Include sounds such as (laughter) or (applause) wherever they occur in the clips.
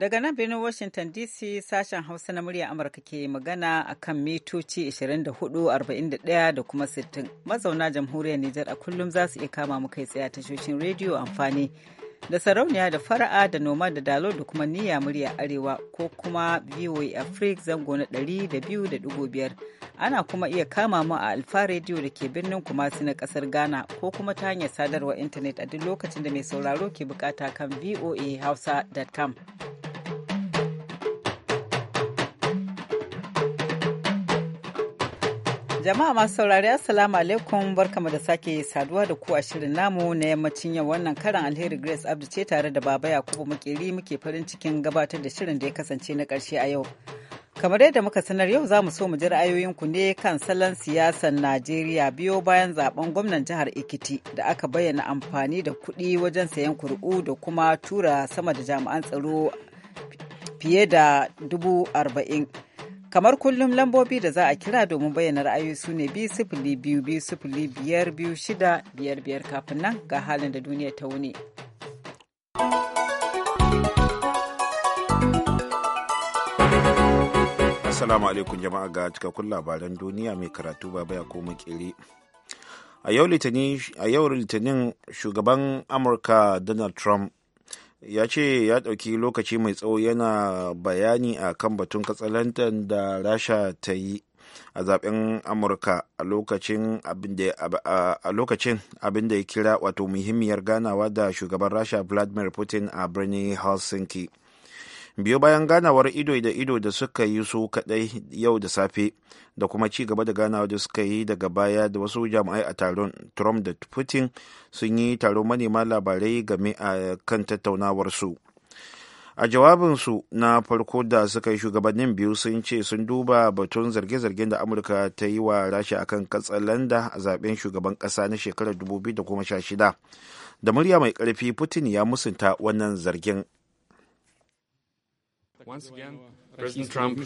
Daga nan birnin Washington DC sashen Hausa na murya Amurka ke magana a kan mitoci 24,41 da kuma 60. Mazauna jamhuriyar Nijar a kullum za su iya kama mu kai tsaye tashoshin rediyo amfani da sarauniya da fara'a da noma da dalo da kuma niyya murya arewa ko kuma voa africa zango na da da biyu biyar ana kuma iya kama mu a alfa radio da ke birnin kumasi na kasar ghana ko kuma ta hanyar sadarwa intanet a duk lokacin da mai sauraro ke bukata kan voa hausa.com Jama'a masu saurari Assalamu alaikum barkamu da sake saduwa da ku a shirin namu na yammacin yau wannan karan alheri Grace Abdu ce tare da Baba Yakubu Makeri muke farin cikin gabatar da shirin da ya kasance na karshe a yau. Kamar yadda muka sanar yau za mu so mu ji ra'ayoyin ku ne kan salon siyasar Najeriya biyo bayan zaben gwamnan jihar Ekiti da aka bayyana amfani da kuɗi wajen sayan kuri'u da kuma tura sama da jami'an tsaro fiye da dubu arba'in. kamar kullum lambobi da za a kira domin bayyana ra'ayoyi su ne biyu sifili biyu biyu sifili biyar biyu shida biyar biyar kafin nan ga halin da duniya ta wuni. Assalamu alaikum jama'a ga cikakkun labaran duniya mai karatu baba ya ko A yau litinin shugaban Amurka Donald Trump ya ce ya ɗauki lokaci mai tsawo yana bayani a kan batun katsalantar da rasha ta yi a zaben amurka a lokacin abin da ya kira wato muhimmiyar ganawa da shugaban rasha vladimir putin a birnin helsinki biyo bayan ganawar ido da ido da suka yi su kadai yau da safe da kuma ci gaba da ganawa da suka yi daga baya da wasu jami'ai a taron trump da putin sun yi taron manema labarai game a kan tattaunawar su a jawabinsu na farko da suka yi shugabannin biyu sun ce sun duba batun zarge-zargen da amurka ta yi wa rasha akan katsalanda a zaben shugaban kasa na shekarar 2016 da murya mai karfi putin ya musunta wannan zargin Once again, President Trump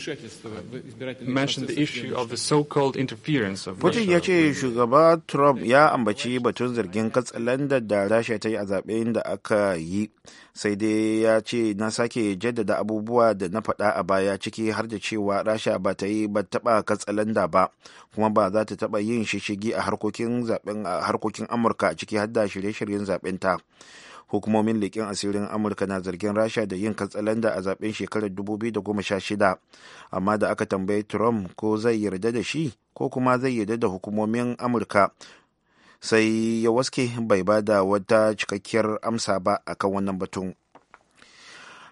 mentioned the issue of the so-called interference of Putin ya ce shugaba Trump ya ambaci batun zargin katsalandar da Rasha ta yi a zaben da aka yi, sai dai ya ce na sake jaddada abubuwa da na faɗa a baya ciki har da cewa Rasha ba ta yi ba taɓa katsalanda ba, kuma ba za ta taba yin shishigi a harkokin Amurka ciki har da shirye-shiryen zaɓen ta. hukumomin leƙen asirin amurka na zargin rasha da yin katsalanda a zaben shekarar 2016 amma da aka tambayi trump ko zai yarda da shi ko kuma zai yarda da hukumomin amurka sai ya waske bai ba da wata cikakkiyar amsa ba akan wannan batun.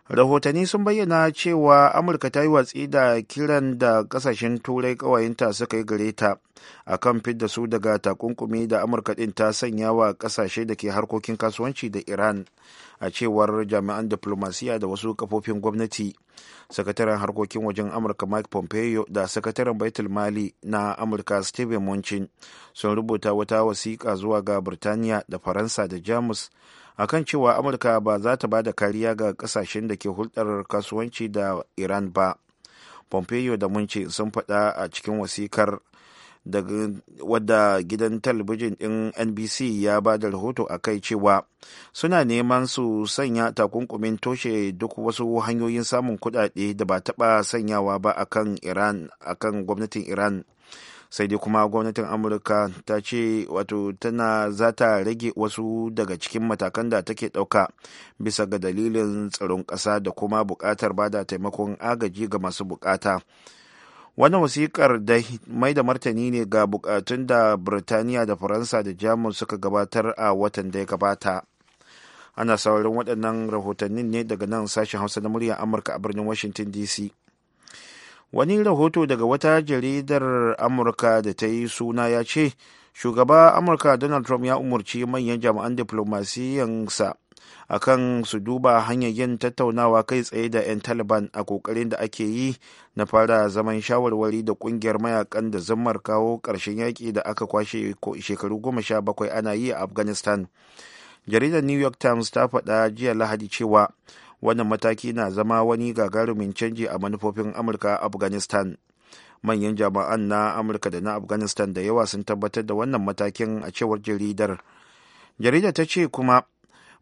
rahotanni sun bayyana cewa amurka ta yi watsi da kiran da kasashen turai ƙawayenta suka yi gare ta a kan fidda su daga takunkumi da amurka din ta sanya wa kasashe da ke harkokin kasuwanci da iran a cewar jami'an diplomasiya da wasu kafofin gwamnati sakataren harkokin wajen amurka mike pompeo da sakataren baitul mali na amurka steven munchin sun rubuta wata wasiƙa zuwa ga birtaniya da faransa da jamus akan cewa amurka ba za ta ba da kariya ga kasashen da ke hulɗar kasuwanci da iran ba pompeo da munci sun faɗa a cikin wasikar wadda gidan talabijin ɗin nbc ya ba da rahoto a kai cewa suna neman su sanya takunkumin toshe duk wasu hanyoyin samun kuɗaɗe da ba taba sanyawa ba akan iran akan gwamnatin iran sai dai kuma gwamnatin amurka ta ce wato tana za ta rage wasu daga cikin matakan da take ɗauka bisa ga dalilin tsaron ƙasa da kuma buƙatar bada taimakon agaji ga masu buƙata wannan wasikar da mai da martani ne ga buƙatun da birtaniya da faransa da jamus suka gabatar a watan da ya gabata ana saurin waɗannan rahotannin ne daga nan sashen hausa na murya amurka a birnin washington dc wani rahoto daga wata jaridar amurka da ta yi suna ya ce shugaba amurka donald trump ya umarci manyan jami'an diplomasiyansa a kan su duba hanyar yin tattaunawa kai tsaye da 'yan taliban a kokarin da ake yi na fara zaman shawarwari da kungiyar mayakan da zammar kawo karshen yaƙi da aka kwashe shekaru goma sha bakwai ana yi a afghanistan jaridar new york times ta faɗa jiya lahadi cewa wannan mataki na zama wani gagarumin canji a manufofin amurka a afghanistan manyan jama'an na amurka da na afghanistan da yawa sun tabbatar da wannan matakin a cewar jaridar jarida ta ce kuma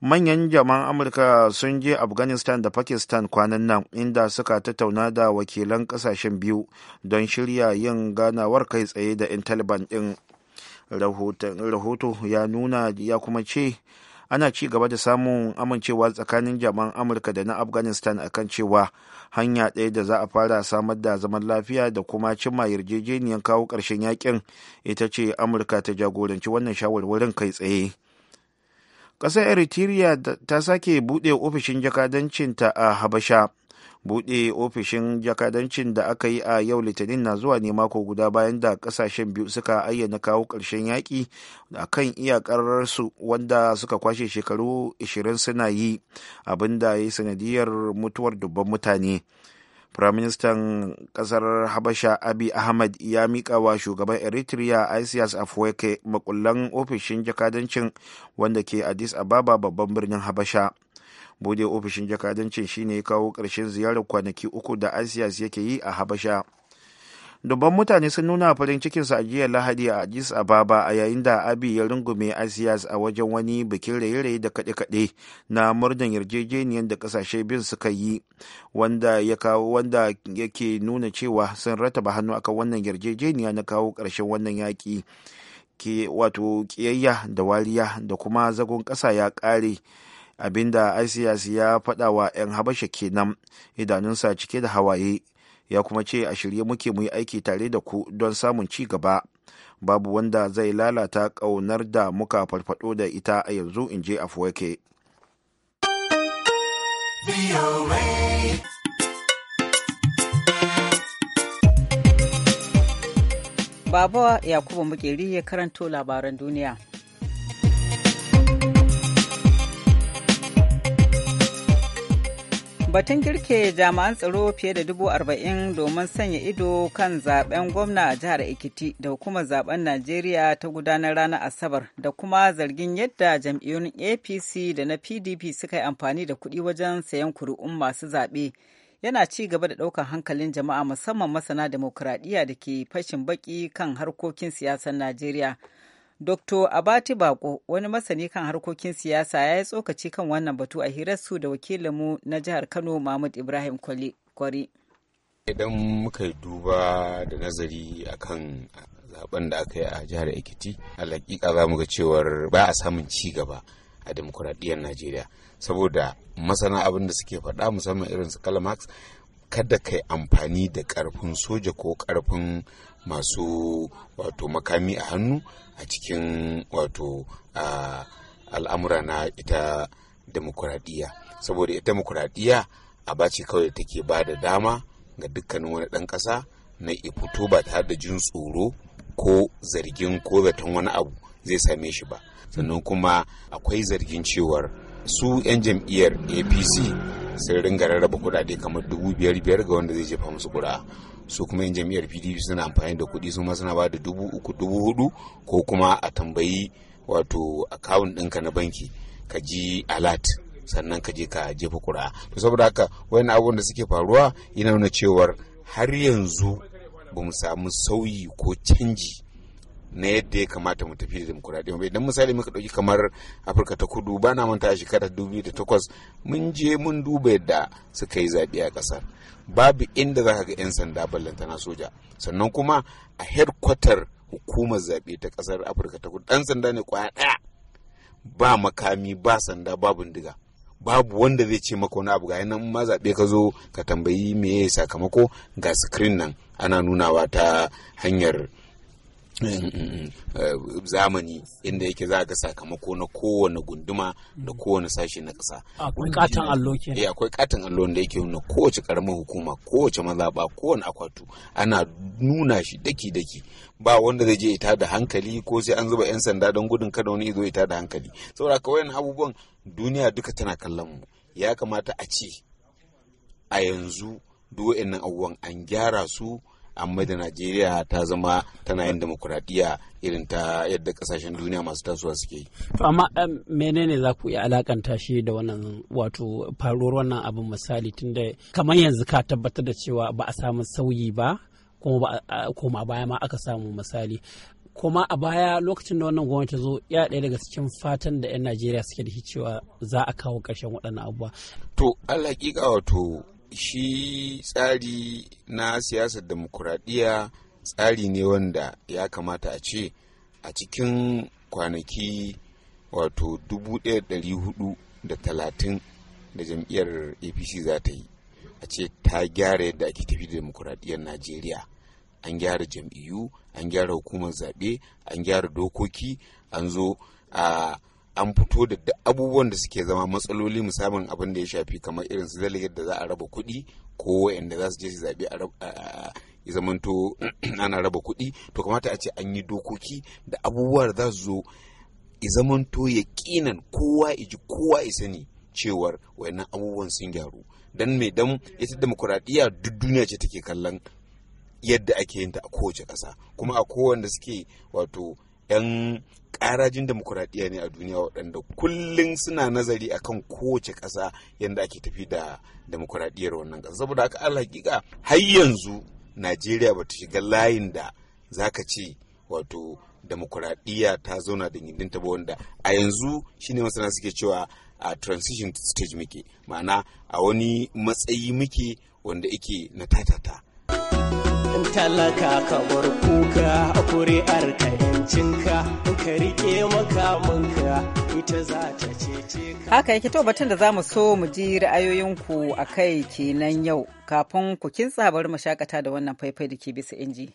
manyan jama'an amurka sun je afghanistan da pakistan kwanan nan inda suka tattauna da wakilan kasashen biyu don shirya yin ganawar kai tsaye da 'yan taliban din rahoto ya nuna ya kuma ce ana ci gaba da samun amincewa tsakanin jaman amurka da na afghanistan akan cewa hanya ɗaya da za a fara samar da zaman lafiya da kuma cimma yarjejeniyar kawo ƙarshen yakin ita ce amurka ta jagoranci wannan shawarwarin kai tsaye ƙasar eritrea ta sake buɗe ofishin jakadancinta a habasha buɗe ofishin jakadancin da aka yi a yau litinin na zuwa ne mako guda bayan da ƙasashen biyu suka ayyana kawo ƙarshen yaƙi a kan iyakararsu wanda suka kwashe shekaru 20 suna yi abin da ya yi sanadiyar mutuwar dubban mutane firaministan ƙasar habasha abi ahmad ya miƙa wa shugaban eritrea isias afwerki makullan ofishin jakadancin wanda ke addis ababa babban birnin habasha bude ofishin jakadancin shine ya kawo ƙarshen ziyarar kwanaki uku da isis yake yi a habasha dubban mutane sun nuna farin cikinsu a jiya lahadi a addis ababa a yayin da abi ya rungume isis a wajen wani bikin raye-raye da kade kaɗe na murnan yarjejeniyar da ƙasashe bin suka yi wanda ya kawo wanda yake nuna cewa sun rataba hannu akan wannan yarjejeniya na kawo ƙarshen wannan yaƙi wato ƙiyayya da wariya da kuma zagon ƙasa ya ƙare abinda iciyas ya faɗa wa 'yan habasha kenan idanunsa cike da hawaye ya kuma ce a shirye muke muyi aiki tare da ku don samun ci gaba babu wanda zai lalata ƙaunar da muka farfado da ita a yanzu in je afuwake Baba Yakubu Makeri ya karanto labaran duniya. Batun girke jami'an tsaro fiye da dubu arba'in domin sanya ido kan zaben gwamna a jihar Ekiti da hukumar zaben Najeriya ta gudanar ranar Asabar da kuma zargin yadda jam'iyyun APC da na PDP suka yi amfani da kuɗi wajen sayan kuri'un masu zaɓe. Yana ci gaba da ɗaukar hankalin jama'a musamman masana dimokuraɗiyya da ke fashin baki kan harkokin siyasar Najeriya. Dr. Abati Bako wani masani kan harkokin siyasa ya yi tsokaci kan wannan batu a hirarsu da wakilinmu na jihar Kano Mahmud Ibrahim Kwari. Idan muka yi duba da nazari kan zaben da aka yi a jihar Ekiti, alaƙiƙa za mu ga cewar ba a samun ci gaba a demokuraɗiyyar Najeriya. Saboda masana abin da suke faɗa musamman irin su Kalamax, kada ka yi amfani da ƙarfin soja ko ƙarfin masu wato makami a hannu a cikin wato al'amura na ita demokuraɗiyya saboda ita demokuraɗiyya a bace kawai da take ba da dama ga dukkanin wani ɗan ƙasa na fito ba tare da jin tsoro ko zargin ko zaton wani abu zai same shi ba sannan kuma akwai zargin cewar su 'yan jam'iyyar apc sun ringa rarraba kudade kamar dubu biyar biyar ga wanda zai jefa musu kura su kuma yin jam'iyyar pdp suna amfani da kuɗi su ma suna ba da dubu uku dubu hudu ko kuma a tambayi wato akawun ɗinka na banki ka ji alat sannan ka je ka jefa kura to saboda haka wani abubuwan da suke faruwa yana nuna cewar har yanzu ba mu samu sauyi ko canji na yadda ya kamata mu tafi da demokuraɗiyya ba idan misali muka ɗauki kamar afirka ta kudu ba na manta a da 2008 mun je mun duba yadda suka yi zaɓe a ƙasar babu inda za ka ga 'yan sanda tana soja sannan kuma a headquarter hukumar zaɓe ta ƙasar afirka ta kudu ɗan sanda ne kwaya ɗaya ba makami ba sanda ba bindiga babu wanda zai ce maka wani abu ga yanan ma zaɓe ka zo ka tambayi me sakamako ga screen nan ana nunawa ta hanyar Mm, mm, mm. Eh, zamani inda yake za a ga sakamako na kowane gunduma da kowane sashe na ƙasa. Akwai katon allo ke. Eh, akwai katon allo da yake nuna kowace karamar hukuma kowace mazaɓa kowane akwatu ana nuna shi daki daki ba wanda zai je ita da hankali ko sai an zuba 'yan sanda don gudun kada wani zo ita da hankali saboda kawai wayan abubuwan duniya duka tana kallon mu ya kamata a ce a yanzu duk abubuwan an gyara su amma da najeriya ta zama tana yin demokuraɗiyya irin ta yadda kasashen duniya masu tasowa suke yi. to amma menene za ku iya alakanta shi da wannan wato faruwar wannan abin misali tun tunda kamar yanzu ka tabbatar da cewa ba a samu sauyi ba kuma ba koma baya ma aka samu misali kuma a baya lokacin da wannan gwamnati zo ya ɗaya daga cikin fatan da 'yan najeriya suke da cewa za a kawo ƙarshen waɗannan abubuwa. to allah wato shi tsari na siyasar demokuraɗiyya tsari ne wanda ya kamata a ce a cikin kwanaki wato 1430 da talatin da jam'iyyar apc za ta yi a ce ta gyara yadda ake tafi da demokuraɗiyyar najeriya an gyara jam'iyyu an gyara hukumar zaɓe an gyara dokoki an zo a an fito da duk abubuwan da suke zama matsaloli musamman abin da ya shafi kamar irin su delegate da za a raba kuɗi ko wa'anda za su je su zaɓe a ya zamanto (clears throat) ana raba kuɗi to kamata a ce an yi dokoki da abubuwa da za su zo ya zamanto ya ƙinan kowa ya ji kowa ya sani cewar wayannan abubuwan sun gyaru dan mai dan ita demokuraɗiyya duk duniya ce take kallon yadda ake yin ta a kowace ƙasa kuma a kowanne suke wato 'yan karajin demokuraɗiyya ne a duniya waɗanda kullum suna nazari a kan kowace ƙasa yadda ake tafi da demokuraɗiyyar wannan ƙasa saboda haka alhaƙiƙa har yanzu najeriya ba ta shiga layin da za ka ce wato demokuraɗiyya ta zauna da gindin ba wanda a yanzu shine masana suke cewa a transition stage muke ma'ana a wani matsayi muke wanda ike na tatata talaka ka bar kuka a kuri'ar ka yancinka in ka rike makamanka ita za ta cece ka haka yake to batun da za mu so mu ji ra'ayoyinku a kai kenan yau kafin ku kintsa bari mu shakata da wannan faifai da ke bisa inji.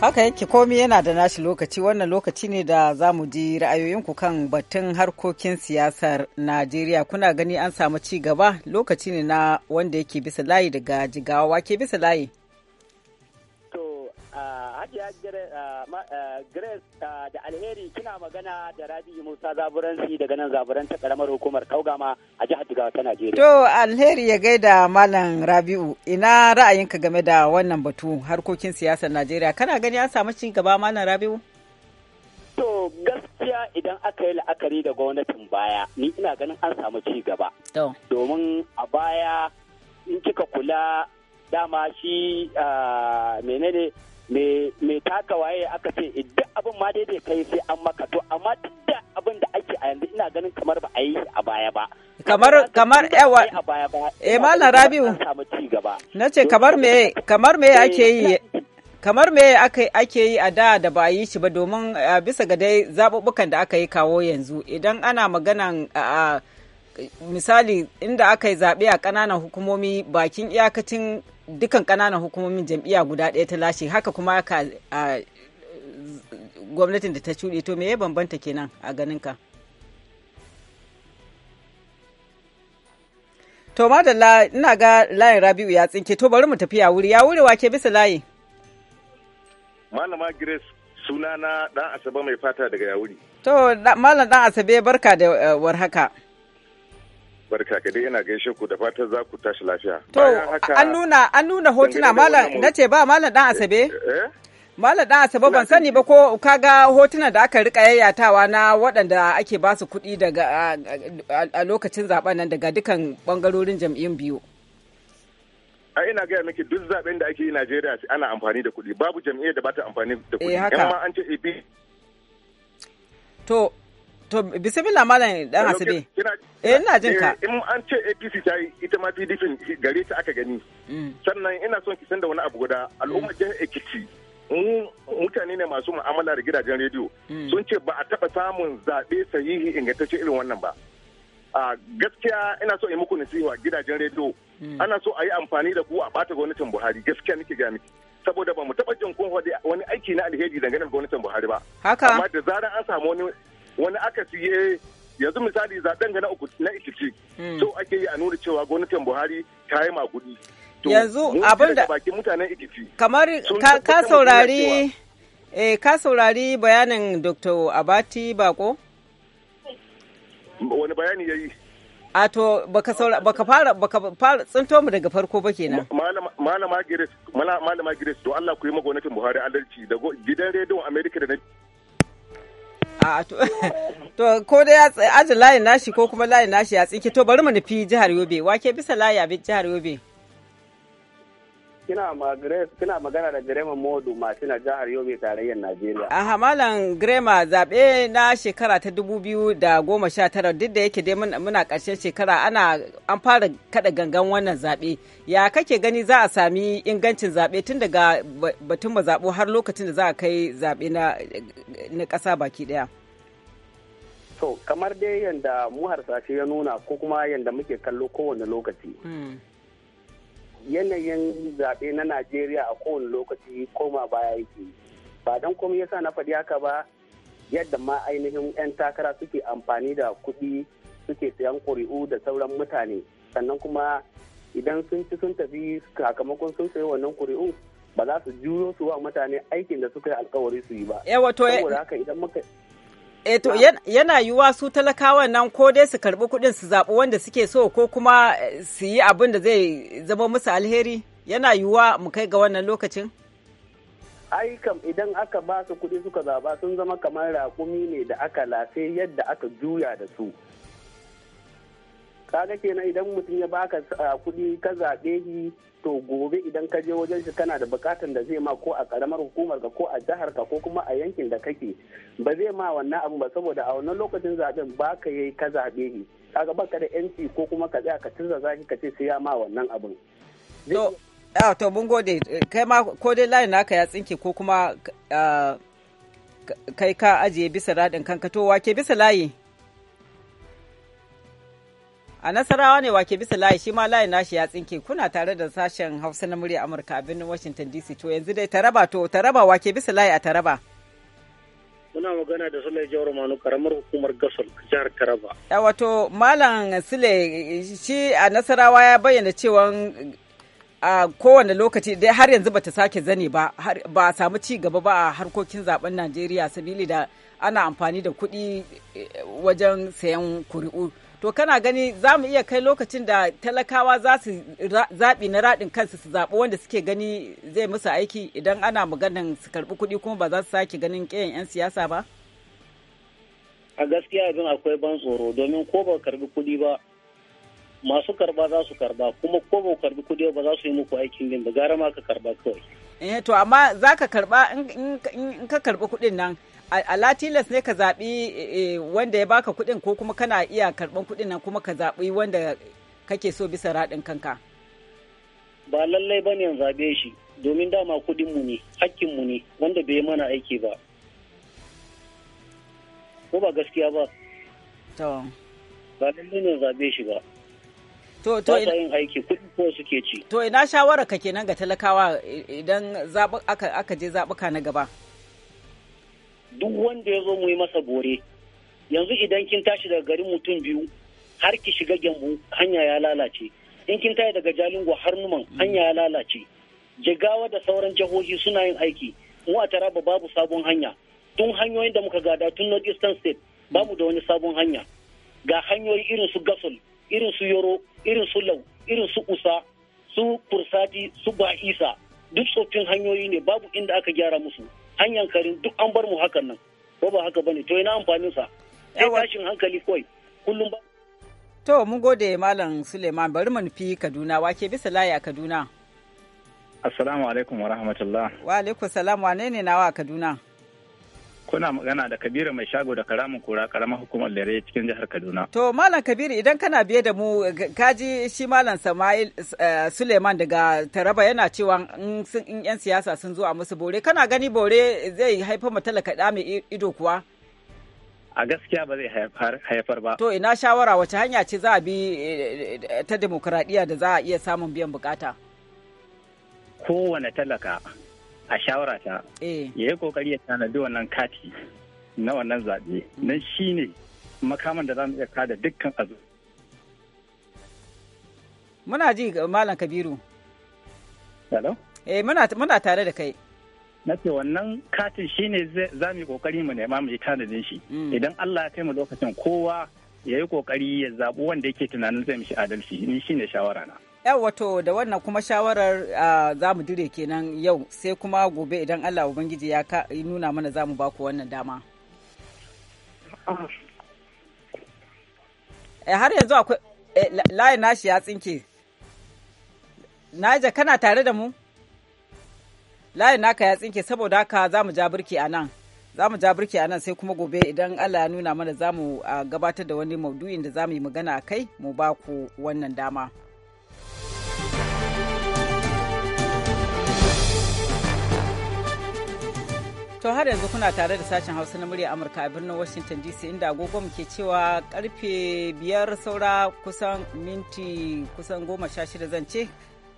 haka yake komi yana da nashi lokaci wannan lokaci ne da za mu ji ra'ayoyinku kan batun harkokin siyasar najeriya kuna gani an samu ci gaba lokaci ne na wanda yake bisa layi daga jigawa ke bisa layi to uh... Hajiya ah, ah, Grace ah, da Alheri kina magana da Rabi'u Musa Zaburansi daga nan Zaburan ta karamar hukumar Kaugama a jihar Jigawa ta Najeriya. To Alheri ya gaida Malam Rabi'u ina ra'ayinka game da wannan batu harkokin siyasar Najeriya kana gani an samu ci gaba Malam Rabi'u? To gaskiya idan aka yi la'akari da gwamnatin baya ni ina ganin an samu ci gaba. Domin a baya in kika kula dama shi menene me taka waye aka ce eh, duk abin ma dai bai kai sai an maka to amma duk da abin da ake a yanzu ina ganin kamar ba a yi a baya ba kamar kamar yawa eh malam rabiu na ce kamar me kamar me eh, ake yi kamar me ake yi a da da ba yi shi ba domin bisa ga dai zabubukan da aka yi kawo yanzu idan ana maganan misali inda aka yi zaɓe a ƙananan hukumomi bakin iyakacin dukan kananan hukumomin jam'iyya guda ɗaya ta lashe haka kuma ka a gwamnatin da ta cuɗe to me ya bambanta kenan a ganin ka to madalla ina ga layin rabi'u ya tsinke to bari mu tafi ya wuri ya wuri wake bisa layi malama grace sunana dan asabe mai fata daga yawuri to malam dan asabe barka da eh, warhaka barka ka dai ina gaishe ku da fatan za ku tashi lafiya. To an nuna an nuna hotuna malam na ce ba malam dan asabe. Eh, eh? Malam dan asabe ban sani ba ko kaga hotunan da aka rika yayyatawa na waɗanda ake ba su kuɗi daga a lokacin zaben nan daga dukan bangarorin jam'iyyun biyu. a ina gaya miki duk zaben da ake yi Najeriya ana amfani da kuɗi babu jam'iyyar da ba ta amfani da kuɗi. Eh haka. an ce To To bisimila malam dan asibe. Eh ina jin eh, ka. In an ce APC ta yi ita ma PDP gare ta aka gani. Mm. Sannan ina son ki san da wani abu guda al'ummar jihar Ekiti mutane ne masu mu'amala da gidajen rediyo mm. sun ce ba a taba samun zaɓe sahihi ingantacce irin wannan ba a gaskiya ina so in muku nasiha gidajen rediyo mm. ana so a yi amfani da ku a bata gwamnatin buhari gaskiya nake ga miki saboda ba mu taba jin kun wani aiki na alheri dangane da gwamnatin buhari ba haka amma da zarar an samu wani wani aka siye yanzu misali zaben ga na uku na ikici hmm. so ake yi a nuna cewa gwamnatin buhari ta yi makudi yanzu abin da bakin mutanen ikici kamar ka saurari eh ka saurari bayanin dr abati bako wani bayani yayi a to baka saura baka fara baka fara tsinto mu daga farko ba kenan malama Grace malama Grace to Allah ku yi magwamnatin Buhari adalci da gidan rediyon America da na a (laughs) to ko dai aji layin nashi ko kuma layin nashi ya tsinke to bari mu nufi jihar yobe wake bisa layi a jihar yobe kina magana da Grema Modu masu na jihar Yobe tarayyar Najeriya. A hamalan Grema zaɓe na shekara ta dubu da goma sha duk da yake dai muna ƙarshen shekara ana an fara kaɗa gangan wannan zaɓe. Ya kake gani za a sami ingancin zaɓe tun daga batun mazaɓo har lokacin da za a kai zaɓe na ƙasa baki ɗaya. kamar dai yadda mu harsashe ya nuna ko kuma yadda muke kallo kowane lokaci. Hmm. yanayin zaɓe na najeriya a kowane lokaci koma baya yake ba don komai yasa na faɗi haka ba yadda ma ainihin 'yan takara suke amfani da kuɗi suke sayan ƙuri'u da sauran mutane sannan kuma idan sun ci sun tafi sakamakon sun sayi wannan ƙuri'u ba za su juyo su wa mutane aikin da suka yi alkawari su yi ba. Eh, eh, idan eto eh, yana yiwuwa su talakawa nan ko dai su karbi kuɗin su zaɓi wanda suke so ko kuma eh, su yi abin da zai zama musu alheri yana yiwuwa mu kai ga wannan lokacin? Ai idan aka ba su kuɗi suka zaɓa sun zama kamar raƙumi ne da aka lafe yadda aka juya da su. kaga kenan idan mutum ya baka ah, kuɗi ka zaɓe shi to gobe idan ka je wajen shi kana da bukatan da zai ma ko a karamar hukumar ka ko a jihar ka ko kuma a yankin da kake ba zai ma wannan abu ba saboda a wannan lokacin zaɓen baka yi ka zaɓe shi kaga baka da yanci ko kuma ka tsaya ka tunza zaki ka ce sai ya ma wannan abun to ah mun gode kai ma ko dai layin naka ya tsinke ko kuma ah, kai ka ajiye bisa radin kanka to wake bisa layi A Nasarawa ne wake bisa layi shi ma layi nashi ya tsinke kuna tare da sashen Hausa na murya Amurka a birnin Washington DC to yanzu dai Taraba to Taraba wake bisa layi a Taraba. Muna magana da Sule Jawar Manu karamar hukumar Gasol jihar Taraba. Wato Malam Sule shi a Nasarawa ya bayyana cewa a kowane lokaci dai har yanzu bata sake zane ba ba a samu ci gaba ba a harkokin zaben Najeriya sabili da ana amfani da kuɗi eh, wajen sayan kuri'u. to kana gani za mu iya kai lokacin da talakawa za su zaɓi na raɗin kansu su zaɓi wanda suke gani zai musu aiki idan ana maganin su karɓi kuɗi kuma ba za su sake ganin ƙeyan 'yan siyasa ba? A gaskiya abin akwai ban tsoro domin ko ba karɓi kuɗi ba masu karɓa za su karɓa kuma ko ba karɓi kuɗi ba za su yi muku aikin din ba gara ma ka karɓa kawai. Eh to amma za ka karɓa in ka karɓi kuɗin nan a latilas ne ka zaɓi eh, eh, wanda ya baka kuɗin ko kuma kana iya karɓan kuɗin nan kuma ka zaɓi wanda kake so bisa raɗin kanka ba lallai ba ne zaɓe shi domin dama kuɗinmu ne hakkinmu ne wanda bai mana aiki ba ko ba gaskiya ba to ba lallai ne zaɓe shi ba to to yin aiki kuɗi ko suke ci to ina shawara ka nan ga talakawa eh, idan aka je zaɓuka na gaba duk wanda ya zo mu yi masa bore yanzu idan kin tashi daga garin mutum biyu har ki shiga gyambu hanya ya lalace in kin tashi daga jalingo har numan mm. hanya ya lalace jigawa da sauran jihohi suna yin aiki mu a taraba babu sabon hanya tun hanyoyin da muka gada tun north eastern state babu da wani sabon hanya ga hanyoyi irin su gasol irin su yoro irin su lau irin su usa su fursati su ba'isa duk tsoffin hanyoyi ne babu inda aka gyara musu an yankari duk an bar mu hakan nan ko ba haka bane to ina amfanin sa sai eh, tashin hankali kawai kullum ba to mun gode malam Suleiman bari mu nufi Kaduna wake bisa layi a Kaduna Assalamu alaikum wa rahmatullah wa alaikum salam wane ne nawa a Kaduna kuna magana da kabiru mai shago da karamin kura karamar hukumar lere cikin jihar kaduna to malam kabiru idan kana biye da mu kaji shi malam sama'il eh, suleiman daga taraba yana cewa in yan siyasa sun zo a musu bore kana gani bore zai haifar mu talaka mai ido kuwa a gaskiya ba zai haifar ba to ina shawara wace hanya ce za a bi eh, ta demokradiyya da za a iya samun biyan bukata kowane talaka a shawara ta eh. ya yi kokari ya tanadi wannan kati na wannan zaɓe nan shi ne makaman da za mu iya kada dukkan azu. Muna ji Malam Kabiru. Hello? Eh muna tare da kai. Na ce wannan katin shi ne za mu yi kokari mu nema mu yi tanadin shi. Mm. Idan Allah ya kai mu lokacin kowa ya yi kokari ya zaɓi wanda yake tunanin zai mishi adalci ni shi ne shawara na. wato da wannan kuma shawarar za mu dire kenan yau sai kuma gobe idan allah ubangiji ya nuna mana za mu ba ku wannan dama eh, har yanzu akwai eh, layin nashi ya tsinke naija kana tare da mu layin naka ya tsinke saboda haka za mu ja birki a nan za mu ja birki a nan sai kuma gobe idan allah ya nuna mana za mu gabatar da wani maudu'in da za mu yi magana a kai mu ba ku wannan dama. To har yanzu kuna tare da sashen Hausa na murya Amurka a birnin Washington DC inda agogo muke cewa karfe biyar saura kusan minti kusan goma sha shida zan ce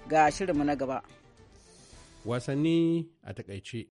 ga shirinmu na gaba. Wasanni a takaice.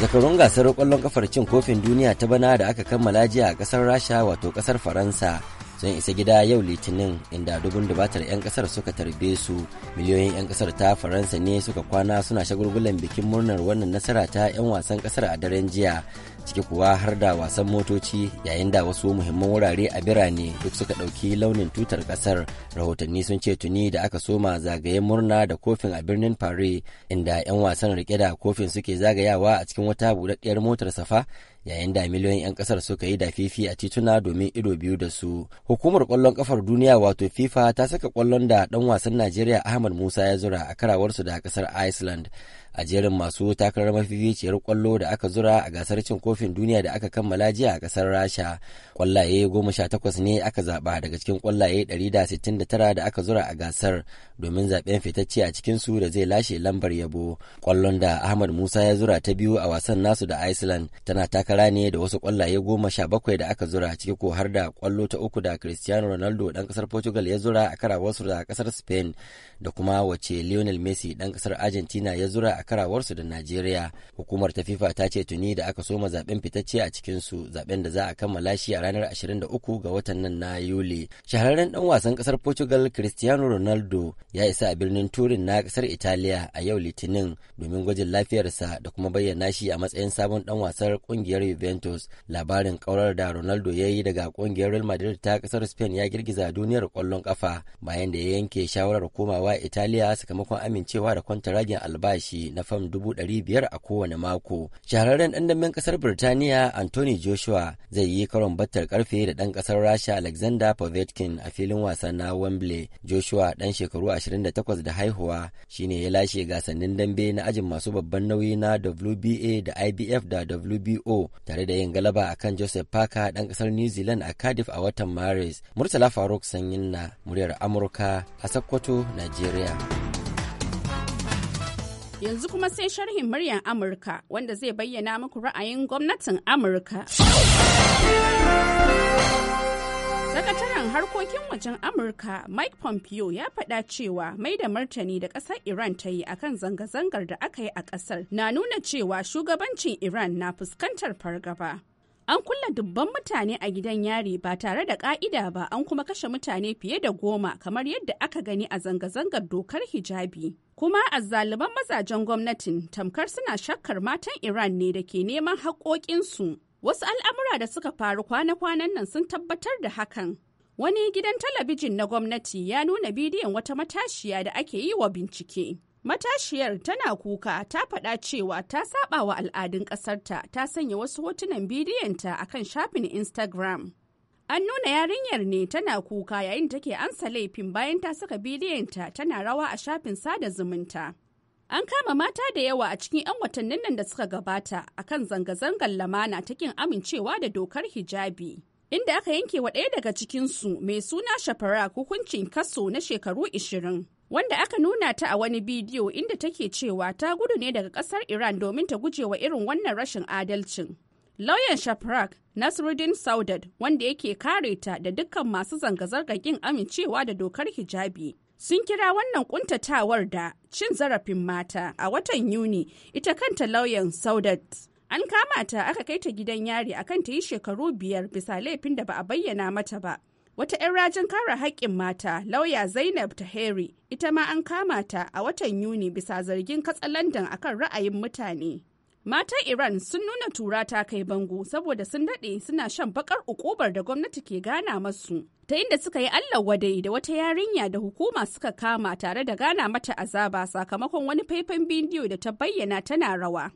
zakarun gasar kwallon kafar cin kofin duniya ta bana da aka kammala jiya a kasar rasha wato kasar faransa sun isa gida yau litinin inda dubun dubatar 'yan kasar suka tarbe su miliyoyin 'yan kasar ta faransa ne suka kwana suna shagulgulan bikin murnar wannan nasara ta 'yan wasan kasar a daren jiya ciki kuwa har da wasan motoci yayin da wasu muhimman wurare a birane duk suka ɗauki launin tutar ƙasar rahotanni sun ce tuni da aka soma zagayen murna da kofin a birnin paris inda 'yan wasan rike da kofin suke zagayawa a cikin wata buɗaɗɗiyar motar safa yayin da miliyoyin 'yan ƙasar suka yi da fifi a tituna domin ido biyu da su hukumar ƙwallon ƙafar duniya wato fifa ta saka ƙwallon da ɗan wasan najeriya ahmad musa ya zura a karawarsu da ƙasar iceland a jerin masu takarar mafificiyar kwallo da aka zura a gasar cin kofin duniya da aka kammala jiya a kasar rasha kwallaye goma sha takwas ne aka zaba daga cikin kwallaye ɗari da sittin da tara da aka zura a gasar domin zaben fitacce a cikin su da zai lashe lambar yabo kwallon da ahmad musa ya zura ta biyu a wasan nasu da iceland tana takara ne da wasu kwallaye goma sha bakwai da aka zura ciki ko har da kwallo ta uku da cristiano ronaldo dan kasar portugal ya zura a karawarsu da kasar spain da kuma wace lionel messi dan kasar argentina ya zura a karawarsu da Najeriya. Hukumar ta FIFA ta ce tuni da aka soma zaben fitacce a cikinsu zaben da za a kammala shi a ranar 23 ga watan nan na Yuli. Shahararren dan wasan kasar Portugal Cristiano Ronaldo ya isa a birnin Turin na kasar Italiya a yau Litinin domin gwajin lafiyarsa da kuma bayyana shi a matsayin sabon dan wasan kungiyar Juventus. Labarin kaurar da Ronaldo ya yi daga kungiyar Real Madrid ta kasar Spain ya girgiza duniyar kwallon kafa bayan da ya yanke shawarar komawa Italiya sakamakon amincewa da kwantaragin albashi na fam dubu ɗari biyar a kowane mako. Shahararren ɗan damben ƙasar Birtaniya Anthony Joshua zai yi karon battar karfe da ɗan ƙasar Rasha Alexander Povetkin a filin wasa na Wembley. Joshua ɗan shekaru ashirin da da haihuwa shine ya lashe gasannin dambe na ajin masu babban nauyi na WBA da IBF da WBO tare da yin galaba akan Joseph Parker ɗan ƙasar New Zealand a Cardiff a watan Maris. Murtala Faruk Sanyin na muryar Amurka a Sokoto, Najeriya. Yanzu kuma sai sharhin muryar Amurka wanda zai bayyana muku ra'ayin gwamnatin Amurka. Sakataren harkokin wajen Amurka Mike Pompeo ya faɗa cewa mai da martani da ƙasar Iran ta yi akan zanga-zangar da aka yi a ƙasar na nuna cewa shugabancin Iran na fuskantar fargaba. An kulla dubban mutane a gidan yari ba tare da ƙa'ida ba an kuma kashe mutane fiye da goma kamar yadda aka gani a zanga-zangar dokar hijabi. kuma a azzaluman mazajen gwamnatin tamkar suna shakkar matan iran ne da ke neman haƙoƙinsu wasu al'amura da suka faru kwana-kwanan nan sun tabbatar da hakan wani gidan talabijin na gwamnati ya nuna bidiyon wata matashiya da ake yi wa bincike matashiyar tana kuka ta faɗa cewa ta saɓa wa al'adun ƙasarta ta sanya wasu hotunan bidiyonta akan shafin instagram An nuna yarinyar ne tana kuka yayin take ansa laifin bayan ta saka bidiyonta tana rawa a shafin sada zumunta. An kama mata da yawa a cikin 'yan watannin nan da suka gabata akan zanga-zangar lamana ta kin amincewa da dokar hijabi. Inda aka yanke wa ɗaya daga cikinsu mai suna shafara hukuncin kaso na shekaru ishirin. wanda aka nuna ta a wani bidiyo inda take cewa ta gudu ne daga ƙasar Iran domin ta guje wa irin wannan rashin adalcin. Lauyan Shafrak Nasruddin Saudad wanda yake kare ta da dukkan masu zanga-zangar kin amincewa da dokar hijabi. Sun kira wannan kuntatawar da cin zarafin mata a watan Yuni ita kanta lauyan Saudat. An kama ta aka kai ta gidan yari akan ta yi shekaru biyar bisa laifin da ba a bayyana mata ba. Wata 'yan rajin kare haƙƙin mata lauya Zainab Tahiri ita ma an kama ta a watan Yuni bisa zargin katsalandan akan ra'ayin mutane. Matan Iran sun nuna tura ta kai bango saboda sun daɗe suna shan bakar ukubar da gwamnati ke gana masu. Ta inda suka yi Allah wadai da wata yarinya da hukuma suka kama tare da gana mata azaba sakamakon wani faifan bidiyo da ta bayyana tana rawa.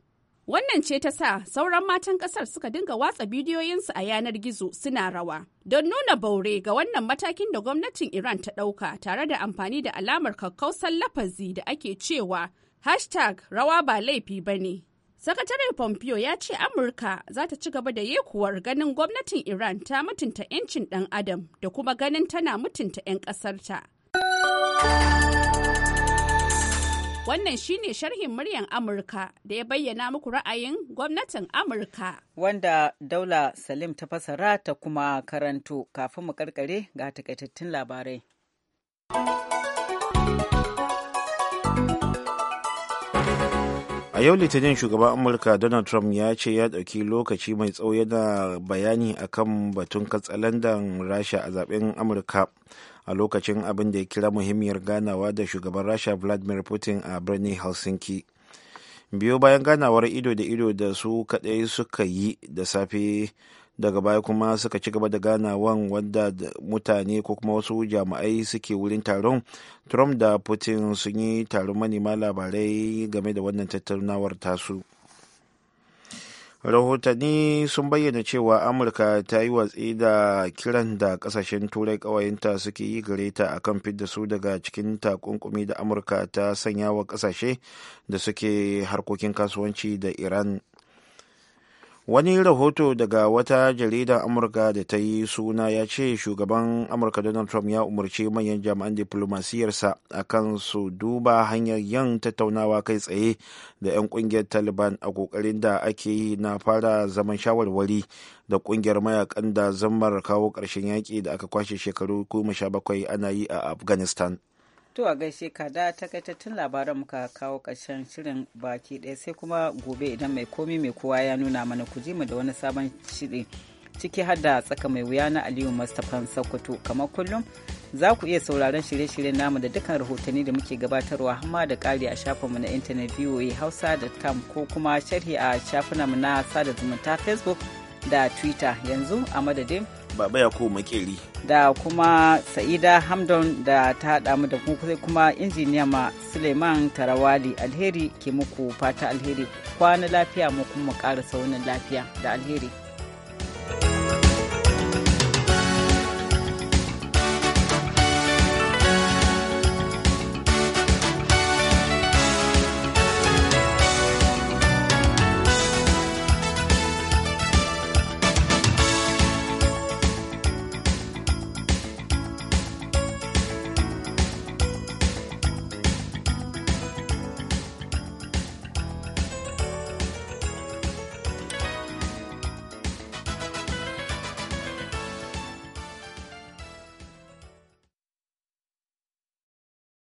Wannan ce ta sa sauran matan ƙasar suka dinga watsa bidiyoyinsu a yanar gizo suna rawa. Don nuna baure ga wannan matakin da gwamnatin Iran ta ɗauka tare da amfani da alamar kakkausan lafazi da ake cewa hashtag rawa ba laifi ba ne Sakataren Pompeo ya ce Amurka za ta ci gaba da yekuwar ganin gwamnatin Iran ta mutunta 'yancin ɗan adam da kuma ganin tana mutunta 'yan kasarta. Wannan shine sharhin muryan Amurka da ya bayyana muku ra'ayin gwamnatin Amurka. Wanda Daula Salim ta fasara ta kuma karanto kafin mu karkare ga takaitattun labarai. a yau litinin shugaban amurka donald trump ya ce ya dauki lokaci mai tsawo yana bayani akan batun katsalandan rasha a zaben amurka a lokacin abin da ya kira muhimmiyar ganawa da shugaban rasha vladimir putin a birnin helsinki biyo bayan ganawar ido da ido da su kadai suka yi da safe daga baya kuma suka ci gaba da ganawan wadda mutane ko kuma wasu jami'ai suke wurin taron trump da putin sun yi taron manema labarai game da wannan tattaunawar tasu rahotanni sun bayyana cewa amurka ta yi watsi da kiran da kasashen turai kawayenta suke yi gare ta akan fidda su daga cikin takunkumi da amurka ta sanya wa kasashe da suke harkokin kasuwanci da iran wani rahoto daga wata jaridar amurka da ta yi suna ya ce shugaban amurka donald trump ya umarci manyan jami'an diplomasiyarsa a kan su duba hanyar yin tattaunawa kai tsaye da 'yan kungiyar taliban a kokarin da ake yi na fara zaman shawarwari da kungiyar mayakan da zammar kawo karshen yaƙi da aka kwashe shekaru 17 ana yi a afghanistan To a gaishe ka da takaitattun labaran muka kawo ƙarshen shirin baki ɗaya sai kuma gobe idan mai komi mai kowa ya nuna mana ku ji mu da wani sabon shiɗi ciki har da tsaka mai wuya na Aliyu Mustapha Sokoto kamar kullum za ku iya sauraron shirye-shiryen namu da dukkan rahotanni da muke gabatarwa hamma da ƙari a shafin mu na intanet voa tam ko kuma sharhi a shafinmu na sada zumunta facebook da twitter yanzu a madadin baba ya makeri da kuma sa'ida hamdan da ta haɗa mu da kuma injiniya ma suleiman tarawali alheri ke muku fata alheri kwana lafiya mu kuma ƙara saunin lafiya da alheri